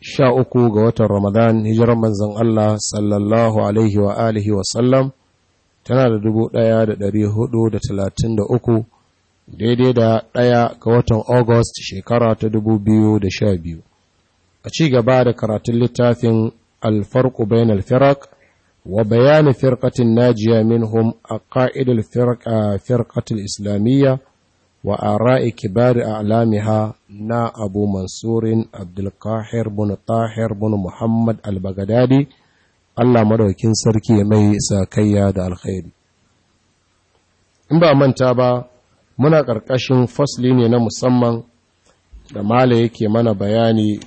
sha uku ga watan Ramadan hijiran manzan Allah sallallahu Alaihi wa alihi wasallam tana da dubu ɗaya da ɗari hudu da talatin da uku daidai da ɗaya ga watan August shekara ta dubu biyu da sha biyu. A ci gaba da karatun littafin alfarku bayan alfirak wa bayani firkatin najiya minhum a ƙa'idar Firkatun islamiyya wa a ra'i kibari a alamiha na abu mansurin abdulkahir bin tahir bin muhammad al allah madaukin sarki mai sakayya da alkhairi in ba manta ba muna ƙarƙashin fasli ne na musamman da mala yake mana bayani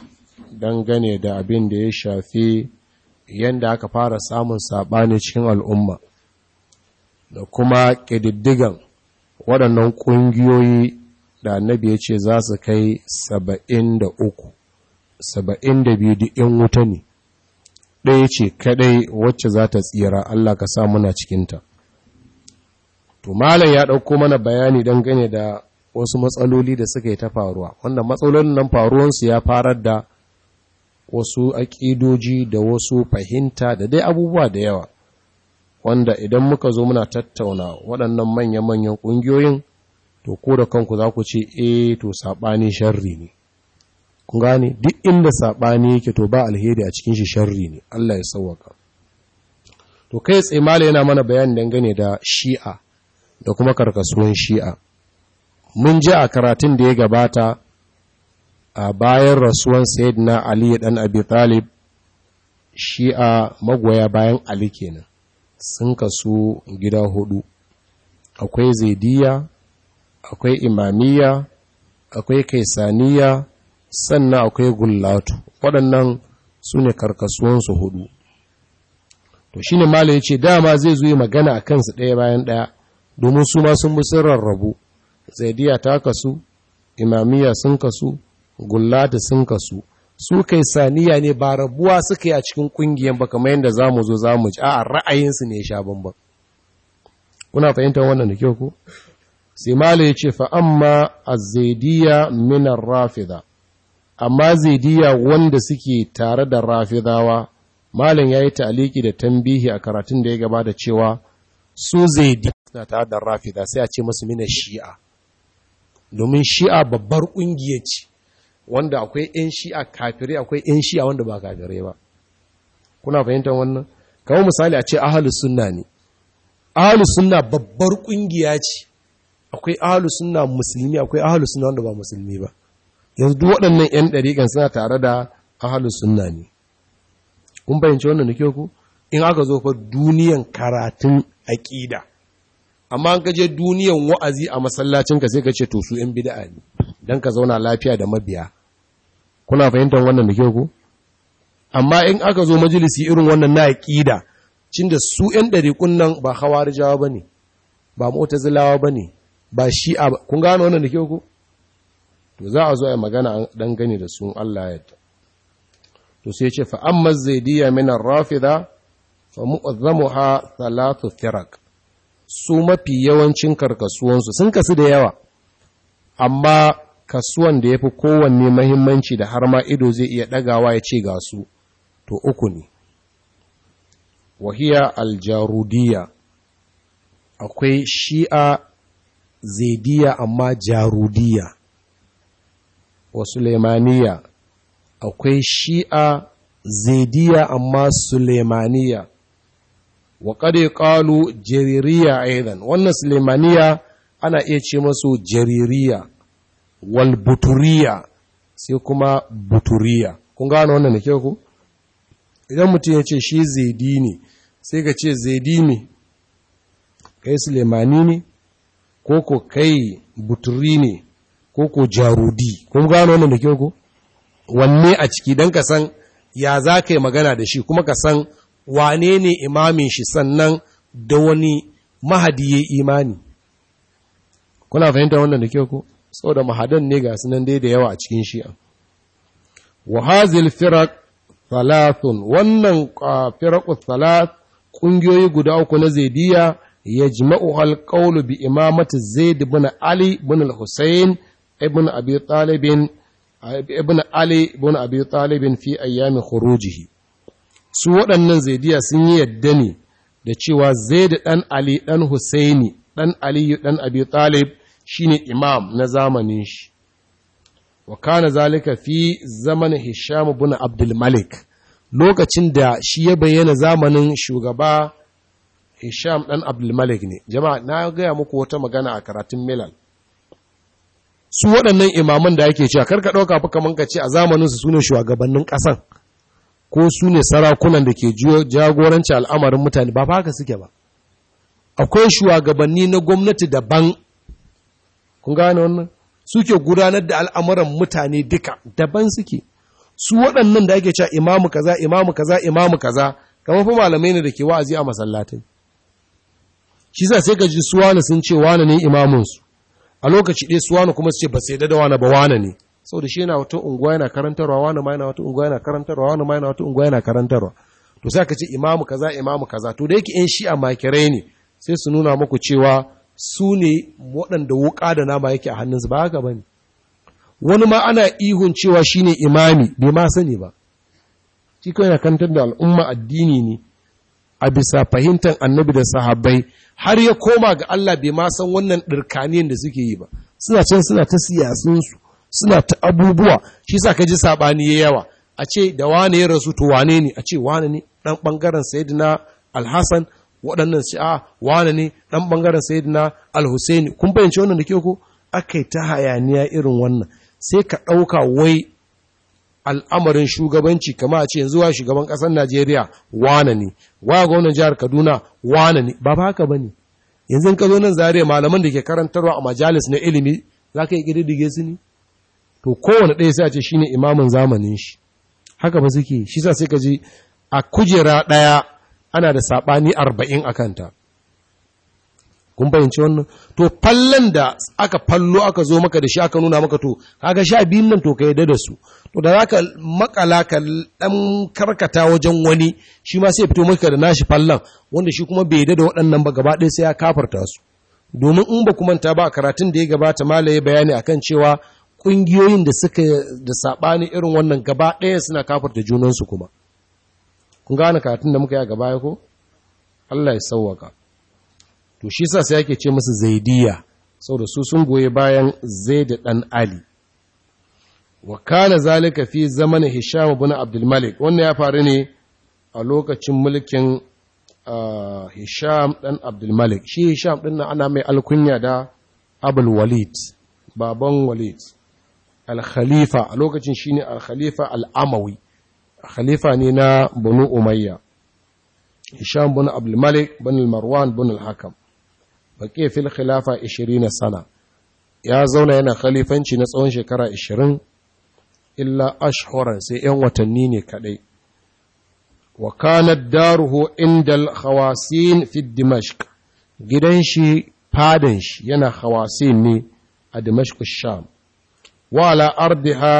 dangane da abin da ya shafi yadda aka fara samun saɓani cikin al'umma da kuma ƙididdigan waɗannan ƙungiyoyi da annabi ya ce za su kai saba'in da uku saba'in da biyu duk wuta ne ɗaya ce kaɗai wacce za ta tsira Allah ka sa muna cikinta to malam ya ɗauko mana bayani don gane da wasu matsaloli da suka yi ta faruwa wanda matsalolin nan faruwansu ya farar da wasu aƙidoji da wasu fahimta da dai abubuwa da yawa wanda idan muka zo muna tattauna waɗannan manya-manyan ƙungiyoyin to ko da kanku za ku ce e to saɓani sharri ne Ku gane duk inda saɓani yake to ba alheri a cikin shi sharri ne Allah ya sauwaka to kai tsaye mala yana mana bayani dangane da shi'a da kuma karkasuwan shi'a mun ji a karatun da ya gabata a bayan rasuwan sayyidina ali dan abi talib shi'a magoya bayan ali kenan sun kasu gida hudu akwai zaidiya akwai imamiya akwai kaisaniya sannan akwai gullatu waɗannan su ne karkasuwansu hudu to shi ne mala ce dama zai zuyi magana a kansu ɗaya bayan ɗaya domin su ma sun bi rarrabu zaidiya ta kasu imamiya sun kasu gullatu sun kasu su kai saniya ne ba rabuwa suka yi a cikin kungiyan ba kamar yadda za mu zo za mu ji a ra'ayinsu ne sha bambam kuna fahimtar wannan da kyau ko sai ya ce fa'amma a zaidiya minar rafida amma zaidiya wanda suke tare da rafidawa malin ya yi ta'aliki da tambihi a karatun da ya gabata cewa su zaidiya suna tare da rafida sai a ce masu mina shi'a domin shi'a babbar ƙungiya ce wanda akwai ‘yan shi'a kafirai akwai ‘yan shi'a wanda ba kafirai ba kuna fahimtar wannan kawo misali a ce ahalus sunna ne ahalus sunna babbar ƙungiya ce akwai Ahalusunna musulmi akwai Ahalusunna wanda ba musulmi ba yanzu duk waɗannan yan ɗariƙan suna tare da Ahalusunna ne kun bayyance wannan da ku in aka zo fa duniyan karatun aƙida amma an kaje duniyan wa'azi a masallacinka sai ka ce to su yan bid'a ne don ka zauna lafiya da mabiya kuna fahimtar wannan da ku amma in aka zo majalisi irin wannan na aƙida cinda da su yan ɗariƙun nan ba hawarijawa jawa ba ba ne. ba shi a kun gano wannan da ke ku to za a zo a magana dan gani da sun Allah ya ta. to sai ce fa amma zaidiyya min ar-rafida fa mu'azzamuha thalathu firaq su mafi yawancin karkasuwan su sun kasu da yawa amma kasuwan da yafi kowanne muhimmanci da har ma ido zai iya dagawa ya ce ga su to uku ne wahiya aljarudiyya akwai shi'a zaidiya amma jarudiya wa sulemaniya akwai shi'a zaidiya amma sulemaniya wa kare kalu jaririya aidan wannan sulemaniya ana iya ce masu jaririya walbuturiya sai kuma buturiya kun gano wannan da kyau ku idan mutum ya ce shi zaidi ne sai ka ce zaidi ne kai sulemani ne ko ko kai buturi ne ko ko jarudi ko gano wannan da kyau ko wanne a ciki dan ka san ya za ka yi magana da shi kuma ka san wane ne imamin shi sannan da wani mahadi ya imani kuna fahimta wannan da kyau ko saboda mahadan ne ga sunan dai da yawa a cikin shi'a wa hazil firaq thalathun wannan ah, firaqu thalath kungiyoyi guda uku na zaidiya yajma'u al-qawlu bi imamati Zaid ibn Ali ibn al-Husayn ibn Abi Talib ibn Ali ibn Abi Talib fi ayyami khurujihi su waɗannan zaidiya sun yi yadda ne da cewa Zaid dan Ali dan Husaini dan Ali dan Abi Talib shine imam na zamanin shi wa kana zalika fi zaman Hisham ibn Abdul Malik lokacin da shi ya bayyana zamanin shugaba Hisham ɗan Abdulmalik ne, jama'a na gaya muku wata magana a karatun Milal. Su waɗannan imaman da ake cewa karka ɗauka fi kamar ka ce a zamaninsu su ne shugabannin ƙasan ko su ne sarakunan da ke jagoranci al'amarin mutane ba fa haka suke ba. Akwai shugabanni na gwamnati daban, kun gane wannan? Suke gudanar da al'amuran mutane duka daban suke. Su waɗannan da ake cewa imamu kaza, imamu kaza, imamu kaza, kamar fa malamai ne da ke wa'azi a masallatai. shi sa sai ka ji su sun ce wane ne imamunsu a lokaci ɗaya su kuma su ce ba sai da wane ba wane ne saboda shi yana wata unguwa yana karantarwa wani ma yana wata unguwa yana karantarwa wani ma yana wata unguwa yana karantarwa to sai ka ce imamu kaza imamu kaza to da yake shi a makirai ne sai su nuna muku cewa su ne waɗanda wuƙa da nama yake a hannunsu ba haka ne. wani ma ana ihun cewa shine imami bai ma sani ba shi kawai yana kantar da al'umma addini ne a bisa fahimtar annabi da sahabbai har ya koma ga Allah bai ma san wannan ɗirkaniyar da suke yi ba suna can suna ta su suna ta abubuwa shi sa ka ji sabani ya yawa a ce da wane ya rasu to wane ne a ce wane ne ɗan ɓangaren sayyidina alhassan waɗannan shi a ah, wane ne ɗan ɓangaren sayyidina alhussaini kun bayyance wannan da ke ko akai ta hayaniya irin wannan sai ka ɗauka wai al'amarin shugabanci kama a ce yanzu wa shugaban ƙasar Najeriya wane ne, wa gwamnan jihar Kaduna wane ne, ba ba haka ba ne. Yanzu ka zo nan Zaria, malaman da ke karantarwa a majalis na ilimi za ka yi ƙididdige su ne? To kowane ɗaya sai a ce shi ne imamin zamanin shi. Haka ba suke, shi sa sai ka ji a kujera ɗaya ana da saɓani arba'in a kanta. kun fahimci wannan to fallan da aka fallo aka zo maka da shi aka nuna maka to kaga sha biyun nan to ka yi da su to da zaka makala ka dan karkata wajen wani shi ma sai fito maka da nashi fallon wanda shi kuma bai yarda da waɗannan ba gaba ɗaya sai ya kafarta su domin in ba ku manta ba karatun da ya gabata malaye bayani akan cewa kungiyoyin da suka da sabani irin wannan gaba ɗaya suna kafarta junansu kuma kun gane karatun da muka yi a gaba ya ko Allah ya sauwaka to shi sa sai ake ce musu zaidiya saboda su sun goyi bayan zaid dan ali wa kana zalika fi zamanin hisham ibn abdul malik wannan ya faru ne a lokacin mulkin hisham dan abdul malik shi hisham din nan ana mai alkunya da abul walid baban walid al-khalifa a lokacin shine al-khalifa al-amawi khalifa ne na banu umayya hisham bin abdul malik bin marwan bin al-hakam baqiya fil khilafa 20 sana ya zauna yana khalifanci na tsawon shekara 20 illa ashhuran sai yan watanni ne kadai wa kanat daruhu indal khawasin fi dimashq gidan shi fadan shi yana Hawasin ne a dimashq sham wa ala ardiha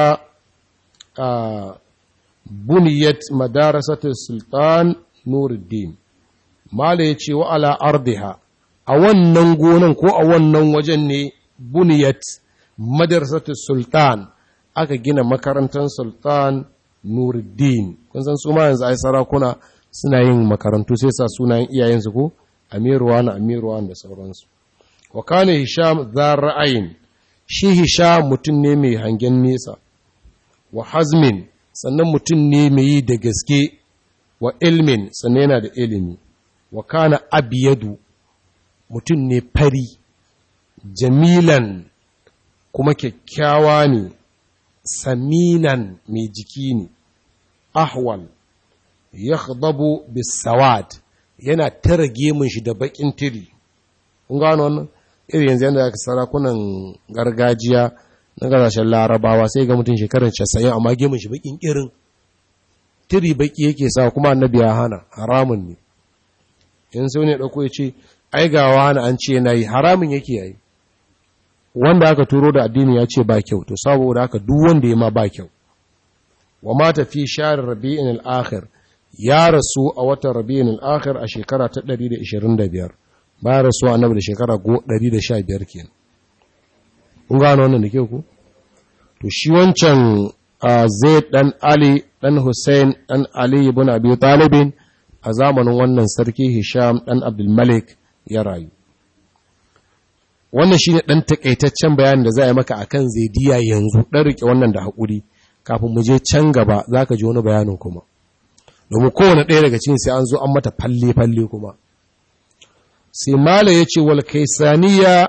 buniyat madarasatu sultan nuruddin mala yace wa ala ardiha a wannan gonan ko a wannan wajen ne buniyat madarsatu sultan aka gina makarantar sultan nuruddin kun san su ma yanzu ai sarakuna suna yin makarantu sai sa sunayen iyayensu ko amiruwan amiruwan da sauransu wa kana hisham dhar shi hisham mutum ne mai hangen nesa wa hazmin sannan mutum ne mai yi da gaske wa ilmin sannan yana da ilimi wa kana abiyadu mutum ne fari jamilan kuma kyakkyawa ne saminan mai jiki ne ahwal ya bisawad yana tara gemun shi da bakin tiri kun gano wannan irin yanzu yadda sarakunan gargajiya na kasashen larabawa sai ga mutum shekarar casa'in amma gemun shi bakin irin tiri baki yake sa kuma annabi ya hana haramun ne in sai ne dauko ya ce ai ga wani an ce na yi haramun yake yayi wanda aka turo da addini ya ce ba kyau to saboda haka duk wanda ya ma ba kyau wa mata fi sharar rabi'in al-akhir ya rasu a watan rabi'in al-akhir a shekara ta 125 ba rasu annabi da shekara 115 kenan kun gano wannan da ke ku to shi wancan Zaid dan Ali dan Hussein dan Ali ibn Abi Talib a zamanin wannan sarki Hisham dan Abdul Malik ya rayu wannan shine ɗan takaitaccen bayanin da za a yi maka akan zaidiya yanzu ɗan rike wannan da haƙuri kafin mu je can gaba zaka ji wani bayanin kuma domin kowane ɗaya daga cikin sai an zo an mata falle falle kuma sai mala yace wal kaisaniya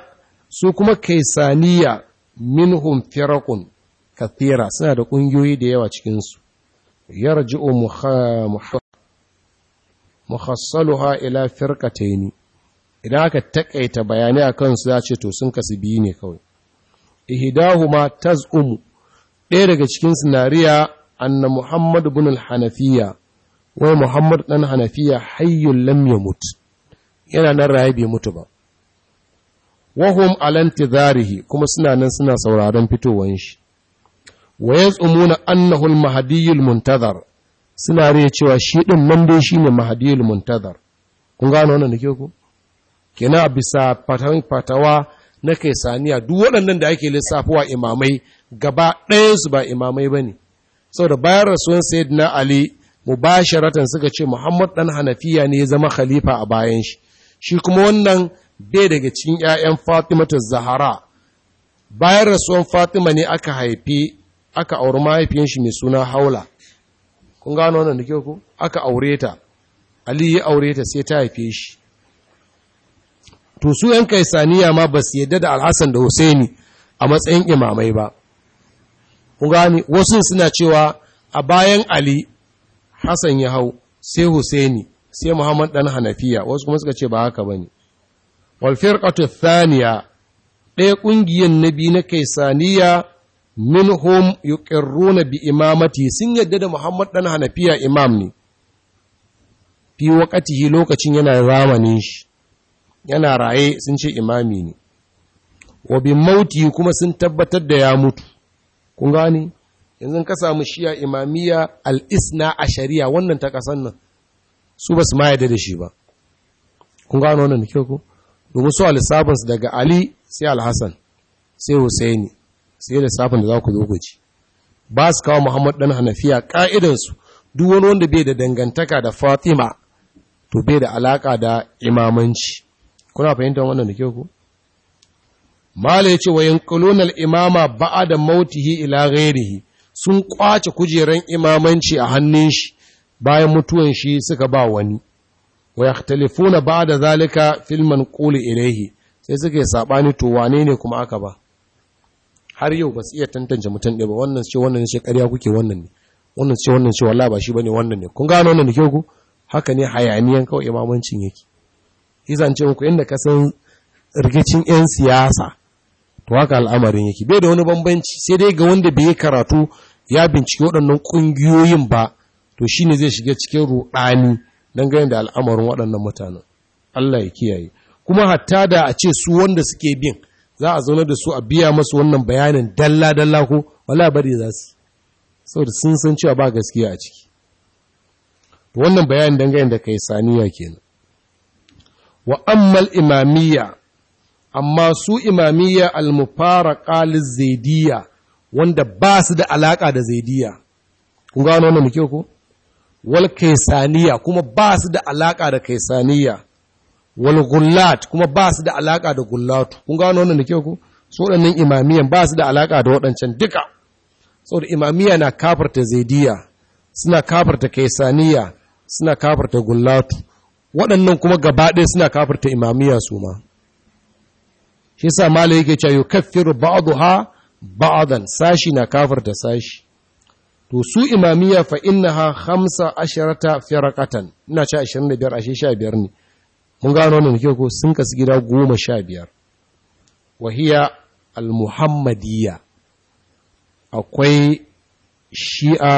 su kuma kaisaniya minhum firaqun kathira suna da ƙungiyoyi da yawa cikin su yarji'u mukhassaluha ila idan aka takaita bayanai a kansu ya ce to sun kasu biyu ne kawai ihidahu tas taz'umu ɗaya daga cikin sinariya anna muhammad bin al-hanafiya wai muhammad dan hanafiya hayyun lam yamut yana nan raye bai mutu ba wahum zarihi kuma suna nan suna sauraron fitowan shi wa yaz'umuna annahu al-mahdiyul muntazar suna cewa shi din nan dai shine mahdiyul muntazar kun gano wannan da ke ku kina bisa fatawa na kai saniya duk waɗannan da ake lissafuwa imamai gaba ɗaya su ba imamai ba ne saboda bayan rasuwan sayyidina ali mubasharatan suka ce muhammad ɗan hanafiya ne ya zama khalifa a bayan shi shi kuma wannan bai daga cikin 'ya'yan ta zahara bayan rasuwan fatima ne aka haifi aka auri mahaifiyan shi mai suna haula kun gano wannan da kyau ko aka aure ta ali ya aure ta sai ta haife shi to su ‘yan kaisaniya ma ba su yadda da alhassan da husaini a matsayin imamai ba ku gani wasu suna cewa a bayan ali hassan ya hau sai husaini sai muhammad dan hanafiya wasu kuma suka ce ba haka ba ne walfirƙatu thaniya ɗaya ƙungiyar na biyu na kaisaniya minhum yuqirruna bi imamati sun yadda da muhammad dan hanafiya imam ne fi wakati lokacin yana zamanin shi yana raye sun ce imami ne wa bin mauti kuma sun tabbatar da ya mutu kun gani yanzu ka samu shiya imamiya al a shari'a wannan ta kasan nan su ba su ma da shi ba kun gano wannan da kyau ko domin su alisabin daga ali sai alhassan sai husaini sai da lissafin da za ku zo ku ci ba su kawo muhammad dan hanafiya ka'idansu duk wani wanda bai da dangantaka da fatima to bai da alaka da imamanci kuna fahimtar wannan da ke ku mala ya ce wa yanqulunal imama ba'da mautihi ila ghairihi sun kwace kujeran imamanci a hannun shi bayan mutuwan shi suka ba wani wa yakhtalifuna ba'da zalika fil manqul ilayhi sai suke sabani to wane ne kuma aka ba har yau ba su iya tantance mutum ɗaya ba wannan ce wannan ce ƙarya kuke wannan ne wannan ce wannan ce wallahi ba shi bane wannan ne kun gano wannan da ke ku haka ne hayaniyan kawai imamancin yake izan ce muku inda ka san rigicin 'yan siyasa to haka al'amarin yake bai da wani bambanci sai dai ga wanda bai karatu ya binciki waɗannan ƙungiyoyin ba to shi ne zai shiga cikin ruɗani don ganin da al'amarin waɗannan mutanen Allah ya kiyaye kuma hatta da a ce su wanda suke bin za a zaune da su a biya masu wannan bayanin dalla-dalla ko wala bari za su saboda sun san cewa ba gaskiya a ciki to wannan bayanin dangane da kai saniya kenan wa ammal imamiyya amma su imamiyya al-mufaraka lizaidiyya wanda ba su da alaka da zaidiyya kun gano wannan muke ko wal kaisaniya kuma ba su da alaka da kaisaniya wal gullat kuma ba su da alaka da gullatu kun gano wannan muke ko su waɗannan imamiyan ba su da alaka da waɗancan duka So da imamiyya na kafarta zaidiyya suna kafarta kaisaniya suna kafarta gullatu waɗannan kuma gaba ɗaya suna kafirta imamiyya su ma shi sa malai yake cewa yukaffiru ha ba'dan sashi na kafirta sashi to su imamiyya fa innaha khamsa asharata katan? ina ce 25 ashe 15 ne mun gano ne muke ko sun kasu gida 15 wahiya al-muhammadiyya akwai shi'a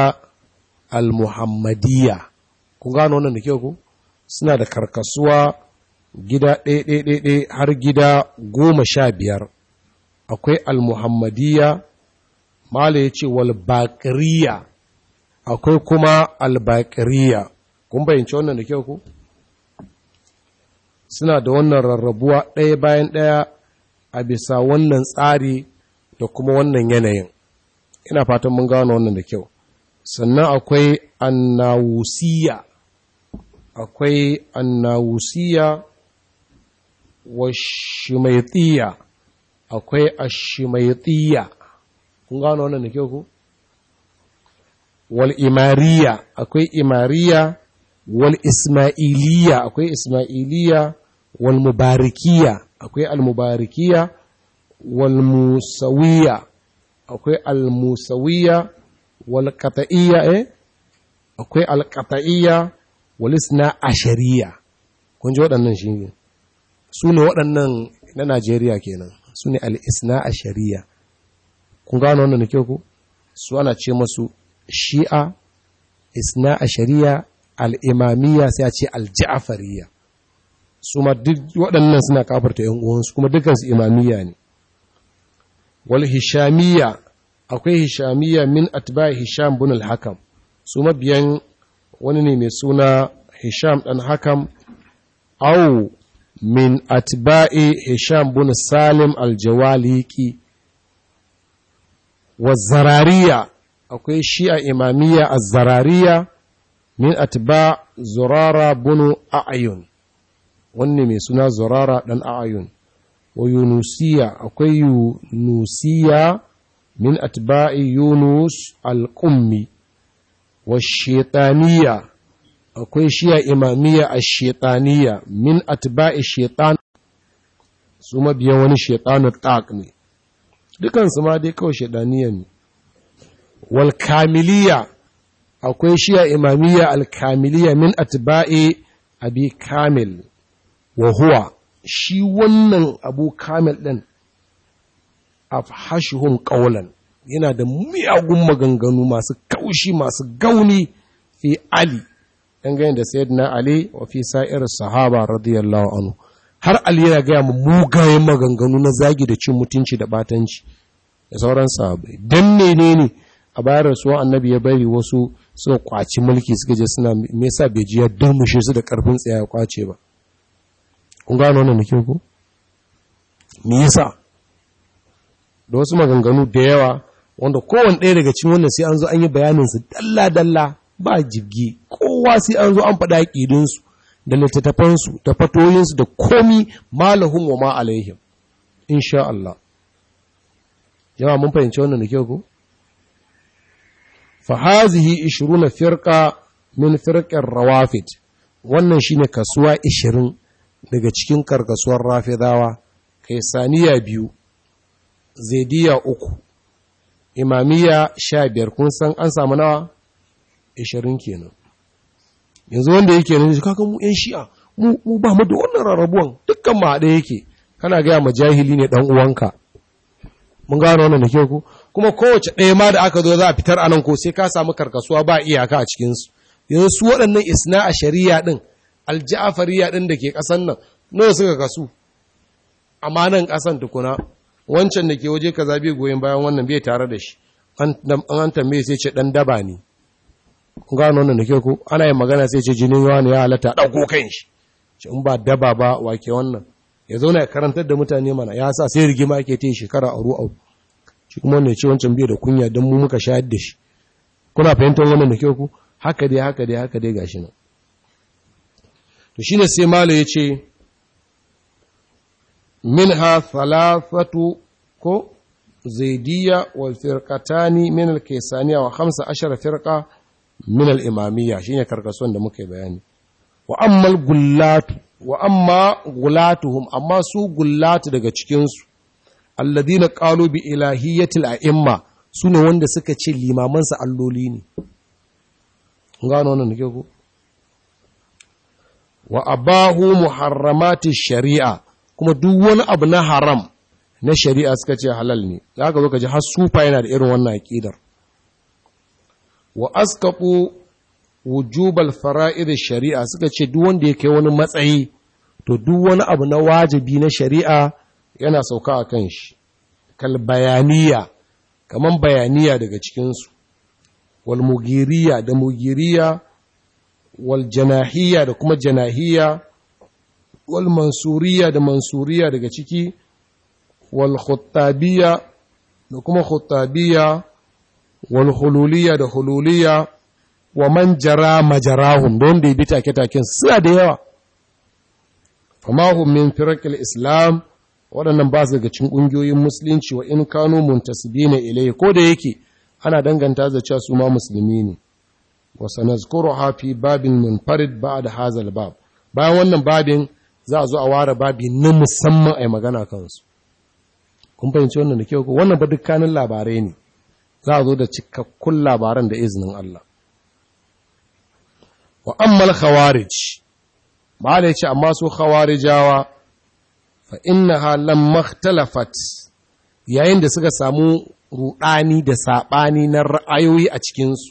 al-muhammadiyya kun gano wannan da kyau ko suna da karkasuwa gida ɗaiɗaiɗaiɗai har gida goma sha biyar akwai almuhammadiyya mala ya ce walbaƙiriya akwai kuma albaƙiriya kun bayyance wannan da kyau ku suna da wannan rarrabuwa ɗaya bayan ɗaya a bisa wannan tsari da kuma wannan yanayin ina fatan mun gano wannan da kyau sannan akwai annawusiya akwai annawusiya wa shimaitiya akwai ashimaitiya kun gano wannan da kyau ku wal imariya akwai imariya wal ismailiya akwai ismailiya wal mubarikiya akwai al mubarikiya wal musawiya akwai al musawiya wal eh akwai al walis na shari'a kun ji waɗannan shi ne su ne waɗannan na najeriya kenan su ne al'isna shari'a kun gano wannan da kyau ku su ana ce masu shi'a isna shari'a al'imamiya sai a ce alja'afariya su ma duk waɗannan suna kafarta ‘yan uwansu kuma dukansu imamiya ne wal hishamiya akwai hishamiya min atba hisham bin al-hakam su mabiyan wani ne mai suna hisham ɗan hakam au min atba'i hisham bin salim aljawaliki wa zarariya akwai shi a imamiya a zarariya min ba zurara bunu a'ayun wanne mai suna zurara ɗan a'ayun wa yunusiya akwai yunusiya min atba'i yunus al-qummi wa shaitaniya akwai shiya imamiya a shaitaniya min atba'i shaitan su mabiyan wani shaitanu taq ne dukansu ma dai kawai shaitaniya ne wal kamiliya akwai shiya imamiya al kamiliya min atba'i abi kamil wa shi wannan abu kamil din afhashuhum qawlan yana da miyagun maganganu masu kaushi masu gauni fi ali dangane da sayyidina ali wa fi sa'ir sahaba radiyallahu anhu har ali yana gaya mu mugayen maganganu na zagi da cin mutunci da batanci da sauran sahabbai dan menene ne a da su annabi ya bari wasu suka kwaci mulki suka je suna me yasa bai ji ya mushe su da karfin tsaya ya kwace ba kun gano wannan ko me yasa da wasu maganganu da yawa wanda kowane ɗaya daga cikin wannan sai an zo an yi bayaninsu dalla-dalla ba jirgi kowa sai an zo an faɗa ƙidinsu da littattafansu da fatoyinsu da komi malahun wa ma alaihim insha Allah yawa mun fahimci wannan da kyau ko fa hazihi 20 firqa min firqar rawafid wannan shine kasuwa 20 daga cikin karkasuwar rafidawa kai saniya biyu zaidiya uku imamiya sha biyar kun san an samu nawa ishirin kenan yanzu wanda yake nan shi kaga mu yan shi'a mu ba mu da wannan rarrabuwan dukkan mu haɗe yake kana gaya ma jahili ne dan uwanka mun gano wannan da ke ku kuma kowace ɗaya ma da aka zo za a fitar anan ko sai ka samu karkasuwa ba iyaka a cikin su yanzu su waɗannan isna a shari'a din alja'afariya din da ke ƙasan nan nawa suka kasu a nan ƙasan tukuna wancan da ke waje kaza zabi goyon bayan wannan bai tare da shi an tambaye sai ce dan daba ne gano wannan da ke ku ana yin magana sai ce jinin wani ya halatta ɗauko kan shi ce in ba daba ba wake wannan ya zauna ya karantar da mutane mana ya sa sai rigima ke ta shekara a ru'au shi kuma ne ce wancan bai da kunya don mu muka shayar da shi kuna fahimtar wannan da ke ku haka dai haka dai haka dai gashi nan to shine sai malo ya ce minha thalathatu ko zaidiyya wal firqatani min al wa khamsa ashara Firka, min al imamiyya shine karkasuwan da muka muke bayani wa amma al amma su gullatu daga cikin su alladhina qalu bi ilahiyyati al a'imma sune wanda suka ce limaman alloli ne gano wannan nake ko wa abahu muharramati shari'a kuma duk wani abu na haram na shari'a suka ce halal ne za ka zo ka ji har sufa yana da irin wannan aƙidar wa askaɓu wujubal fara'id shari'a suka ce duk wanda ya kai wani matsayi to duk wani abu na wajibi na shari'a yana sauka a kan shi kal bayaniya kaman bayaniya daga cikinsu wal mugiriya da mugiriya wal janahiya da kuma janahiya wal mansuriya da mansuriya daga ciki wal khuttabiya da kuma khuttabiya wal da hululiya wa man jara majarahum don da bi take taken suna da yawa famahun min firakil islam waɗannan ba su daga cikin ƙungiyoyin musulunci wa in muntasibi na ilai ko da yake ana danganta da cewa su ma musulmi ne wasu sanazkuruha hafi babin munfarid da hazal bab bayan wannan babin za a zo a ware babi na musamman a yi magana kansu kun fahimci wannan da kyau ko wannan ba dukkanin labarai ne za a zo da cikakkun labaran da izinin Allah wa ammal khawarij ba da yace amma su khawarijawa fa innaha lam makhtalafat yayin da suka samu rudani da sabani na ra'ayoyi a cikin su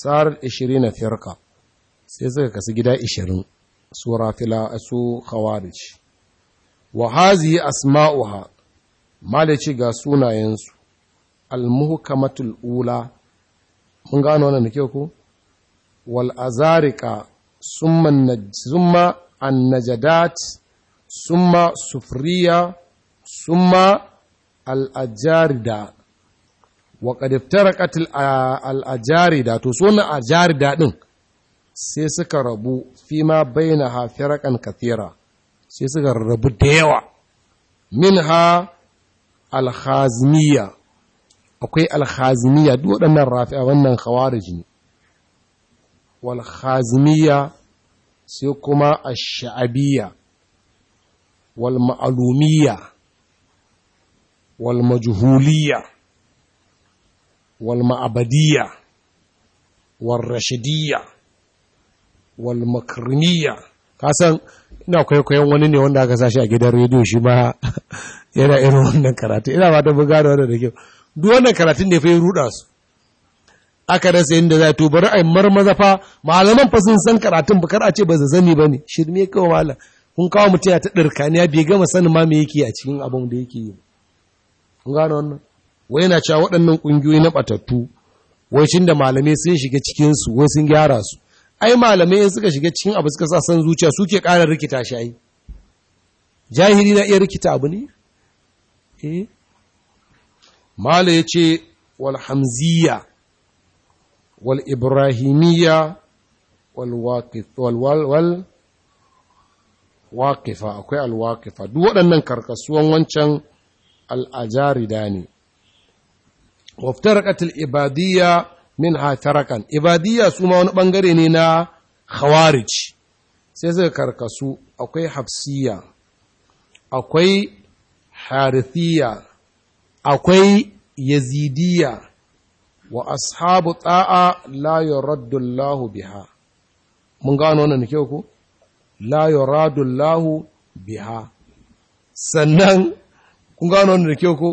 sar 20 firqa sai suka kasu gida 20 su rafila su khawarij wa hazihi asma'uha malici ga sunayensu almuhkamatul ula mun gano wannan da kyau ko wal azarika summa annajadat summa sufriya summa al-ajarida wa qad iftaraqat al-ajarida to sunan ajarida din sai suka rabu fi ma bayyana hafirakan kathira sai suka rabu da yawa min ha alhazmiya akwai alhazmiya duk waɗannan a wannan khawarij ne walhazmiya sai kuma a shaabiyya wal ma'lumiyya wal majhuliyya wal ma'abadiyya wal wal ka kasan ina kwaikwayon wani ne wanda aka sashi a gidan rediyo shi ma yana irin wannan karatu ina ba ta buga da wannan da kyau duk wannan karatun da fa ya ruda su aka rasa inda za to bari ai marmaza fa malaman fa sun san karatun bukar a ce ba zazzani ba ne shirme kawai malam kun kawo mutum ya ta ɗirkaniya bai gama sanin ma me yake a cikin abin da yake yi kun gano wannan wai yana cewa waɗannan ƙungiyoyi na ɓatattu wai cin da malamai sun shiga cikinsu wai sun gyara su ai malamai in suka shiga cikin abu suka sa san zuciya suke ƙara rikita shi ai jahili na iya rikita abu ne eh mala yace wal hamziya wal ibrahimiya wal waqif wal wal waqifa akwai al waqifa duk waɗannan karkasuwan wancan al da ne waftarqat al ibadiyya min ha tarakan ibadiyya su ma wani bangare ne na khawarij sai suka karkasu akwai hafsiya akwai harithiya akwai Yazidiya. wa ashabu ta'a la yuraddu Allahu biha mun gano wannan kyau ku la yuraddu Allahu biha sannan kun gano wannan kyau ku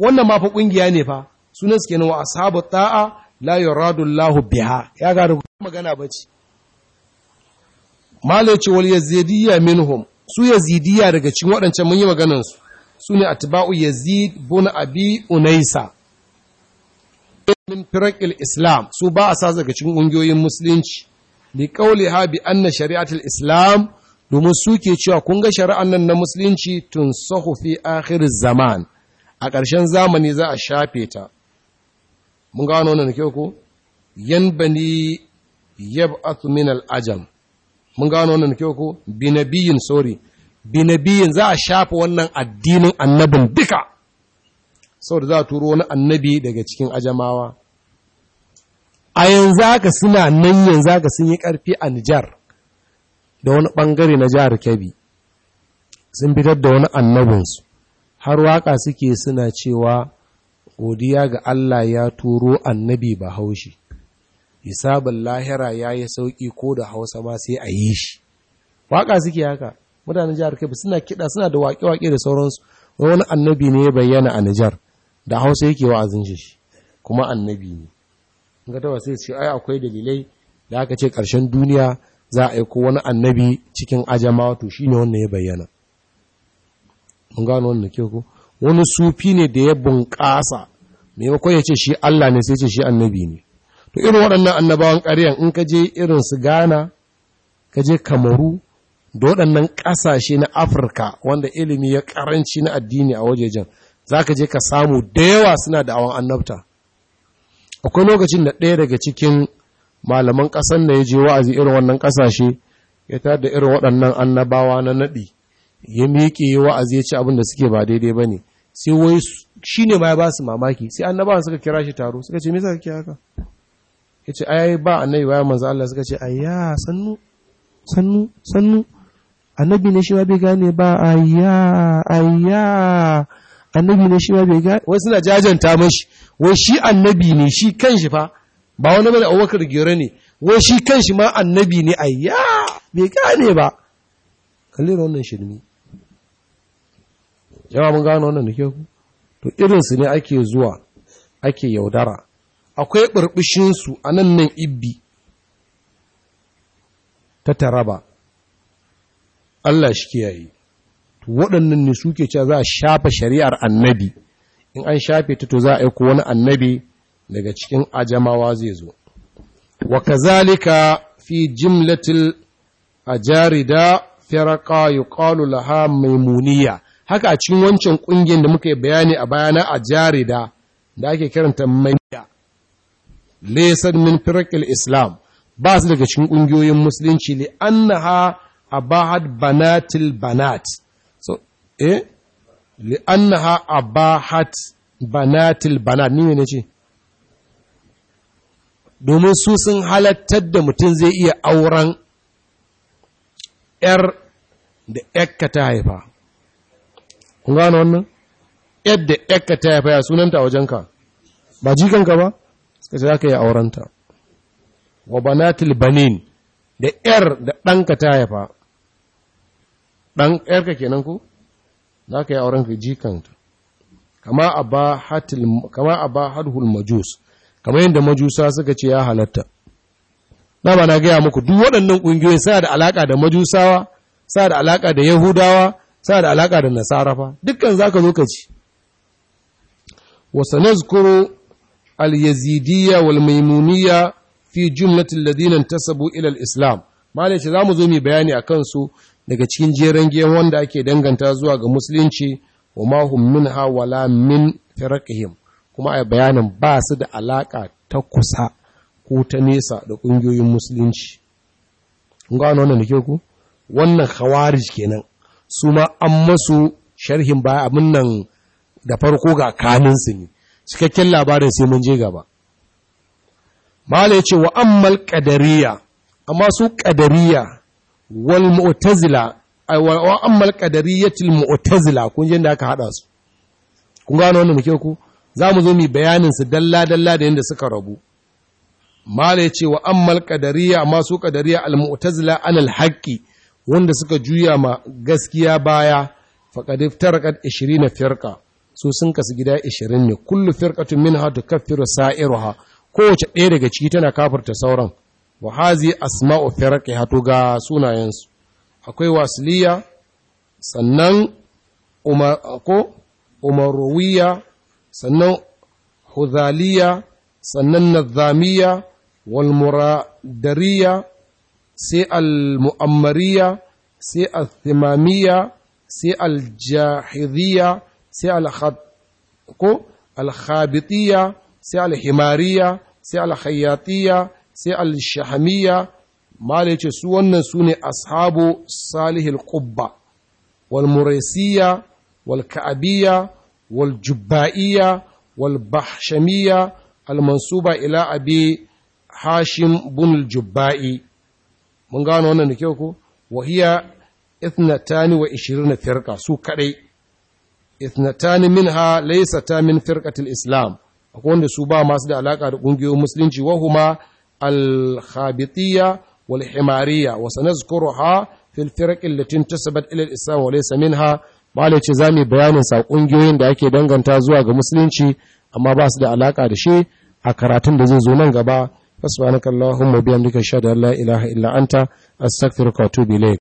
wannan ma fa kungiya ne fa sunan su kenan wa ashabu ta'a la yuradu Allahu biha ya ga da magana bace ce. wal yazidiyya minhum su yazidiyya daga cikin waɗancan mun yi su su sune atba'u yazid bin abi unaisa min firaqil islam su ba a sa daga cikin ƙungiyoyin musulunci li qawliha bi anna shari'atul islam domin suke cewa kun ga shari'an nan na musulunci tun sahu fi akhir zaman a ƙarshen zamani za a shafe ta mun gano wannan kyau ko yan bani yab'athu min al-ajam mun gano wannan kyau ko bi sorry bi za a shafa wannan addinin annabin duka saboda za a turo wani annabi daga cikin ajamawa a yanzu haka suna nan yanzu haka sun yi karfi a Nijar da wani bangare na jihar Kebbi sun fitar da wani annabinsu har waka suke suna cewa godiya ga Allah ya turo annabi ba haushi hisabin lahira ya yi sauƙi ko da hausa ma sai a yi shi waƙa suke haka mutanen jihar kebbi suna kiɗa suna da waƙe-waƙe da sauransu wani annabi ne ya bayyana a nijar da hausa yake wa'azin shi kuma annabi ne in ga sai ce ai akwai dalilai da aka ce ƙarshen duniya za a yi ko wani annabi cikin ajama, to shi ne wannan ya bayyana mun gano wannan ke ko wani sufi ne da ya bunƙasa maimakon ya ce shi Allah ne sai ce shi annabi ne to irin waɗannan annabawan ƙaryan in ka je irin su gana ka je Kamaru da waɗannan ƙasashe na Afirka wanda ilimi ya ƙaranci na addini a wajejen ka je ka samu da yawa suna da awon annabta akwai lokacin da ɗaya daga cikin malaman ƙasan da ya je wa'azi irin wannan ƙasashe ya tada irin waɗannan annabawa na naɗi ya miƙe wa'azi ya ci abin da suke ba daidai ba ne sai wai shi ne ma ya ba su mamaki sai annabawan suka kira shi taro suka ce me yasa kake haka ya ce ai ba annabi ba manzo Allah suka ce ayya sannu sannu sannu annabi ne shi ma bai gane ba ayya ayya annabi ne shi ma bai gane wai suna jajanta mashi wai shi annabi ne shi kanshi fa ba wani bane Abubakar Gero ne wai shi kanshi ma annabi ne ayya bai gane ba kalli wannan shirmi yawa mun gano wannan da ke ku to irinsu ne ake zuwa ake yaudara akwai ɓarɓishinsu a nan nan ibbi ta taraba Allah shi kiyaye to waɗannan ne suke cewa za a shafa shari'ar annabi in an shafe ta to za a aiko wani annabi daga cikin ajamawa zai zo wa kazalika fi jimlatil ajarida firqa yuqalu laha maimuniya haka a cikin wancan ƙungiyar da muka yi bayani a bayana a jarida da ake kiranta manya lesar min firakil islam ba su daga cikin ƙungiyoyin musulunci ne annaha abahad banatil banat so eh abahat banatil banat ni ne ce domin su sun halattar da mutum zai iya auren ‘yar da ‘yakka ta haifa, kun gano wannan yadda yakka ta yafaya ya sunanta a wajenka ba jikanka ba suka ce za ka yi aurenta wa banatil banin da yar da ɗanka ta haifa ɗan ƴarka kenan ku za ka yi aurenka jikanta kama a ba hadhul majus kama yadda majusa suka ce ya halatta na ba na gaya muku duk waɗannan ƙungiyoyi sa da alaƙa da majusawa sa da alaƙa da yahudawa sa da alaka da nasara fa dukkan zaka zo ka ci wa sanazkuru al-yazidiyya wal maimuniyya fi jumlati alladhina intasabu ila al-islam malai zamu zo mu bayani akan su daga cikin jeren giyan wanda ake danganta zuwa ga musulunci wa ma hum minha wala min firqihim kuma ai bayanin ba su da alaka ta kusa ko ta nesa da ƙungiyoyin musulunci. Kun gano wannan da ke ku? Wannan khawarij kenan. su ma an masu sharhin ba abin nan da farko ga kaninsu ne cikakken labarin sai mun je gaba mala ya ce wa ammal kadariya amma su kadariya wal mu'tazila wa ammal qadariyatil mu'tazila kun je da aka hada su kun gano wannan muke ku za mu zo mu bayanin su dalla dalla da yanda suka rabu mala ya ce wa ammal kadariya amma su kadariya al mu'tazila anil haqqi wanda suka juya ma gaskiya baya faqad iftarqat 20 firka so sun kasu gida 20 ne kullu firqatun minha sa'iru sa'iruha kowace ɗaya daga ciki tana kafarta sauran wa hazi asma'u firqiha hatu ga sunayensu akwai wasiliya sannan umarowiya sannan huzaliya sannan nazamiya walmuradariya sai al-mu'ammariya sai al-thimamiya sai al-jahidiyya sai al-khabitiyya sai al-himariya sai al-khayyatiyya sai al shahamiya mala su wannan su ne ashabu salihil qubba wal muraisiyya wal ka'abiyya wal jubba'iyya wal bahshamiyya al mansuba ila abi hashim bin al jubba'i mun gano wannan da kyau ko hiya ithnatani wa ishirina firqa su kadai ithnatani minha laysata min firqatil islam akwai wanda su ba masu da alaka da kungiyoyin musulunci wa huma al khabitiyya wal himariyya wa sanazkuruha fil firq allati tasabat ila al islam wa laysa minha bale ce zamu bayanin sa kungiyoyin da ake danganta zuwa ga musulunci amma ba su da alaka da shi a karatun da zai zo nan gaba subhanakallahumma bihamdika shada la ilaha illa anta astaghfiruka wa atubu ilayk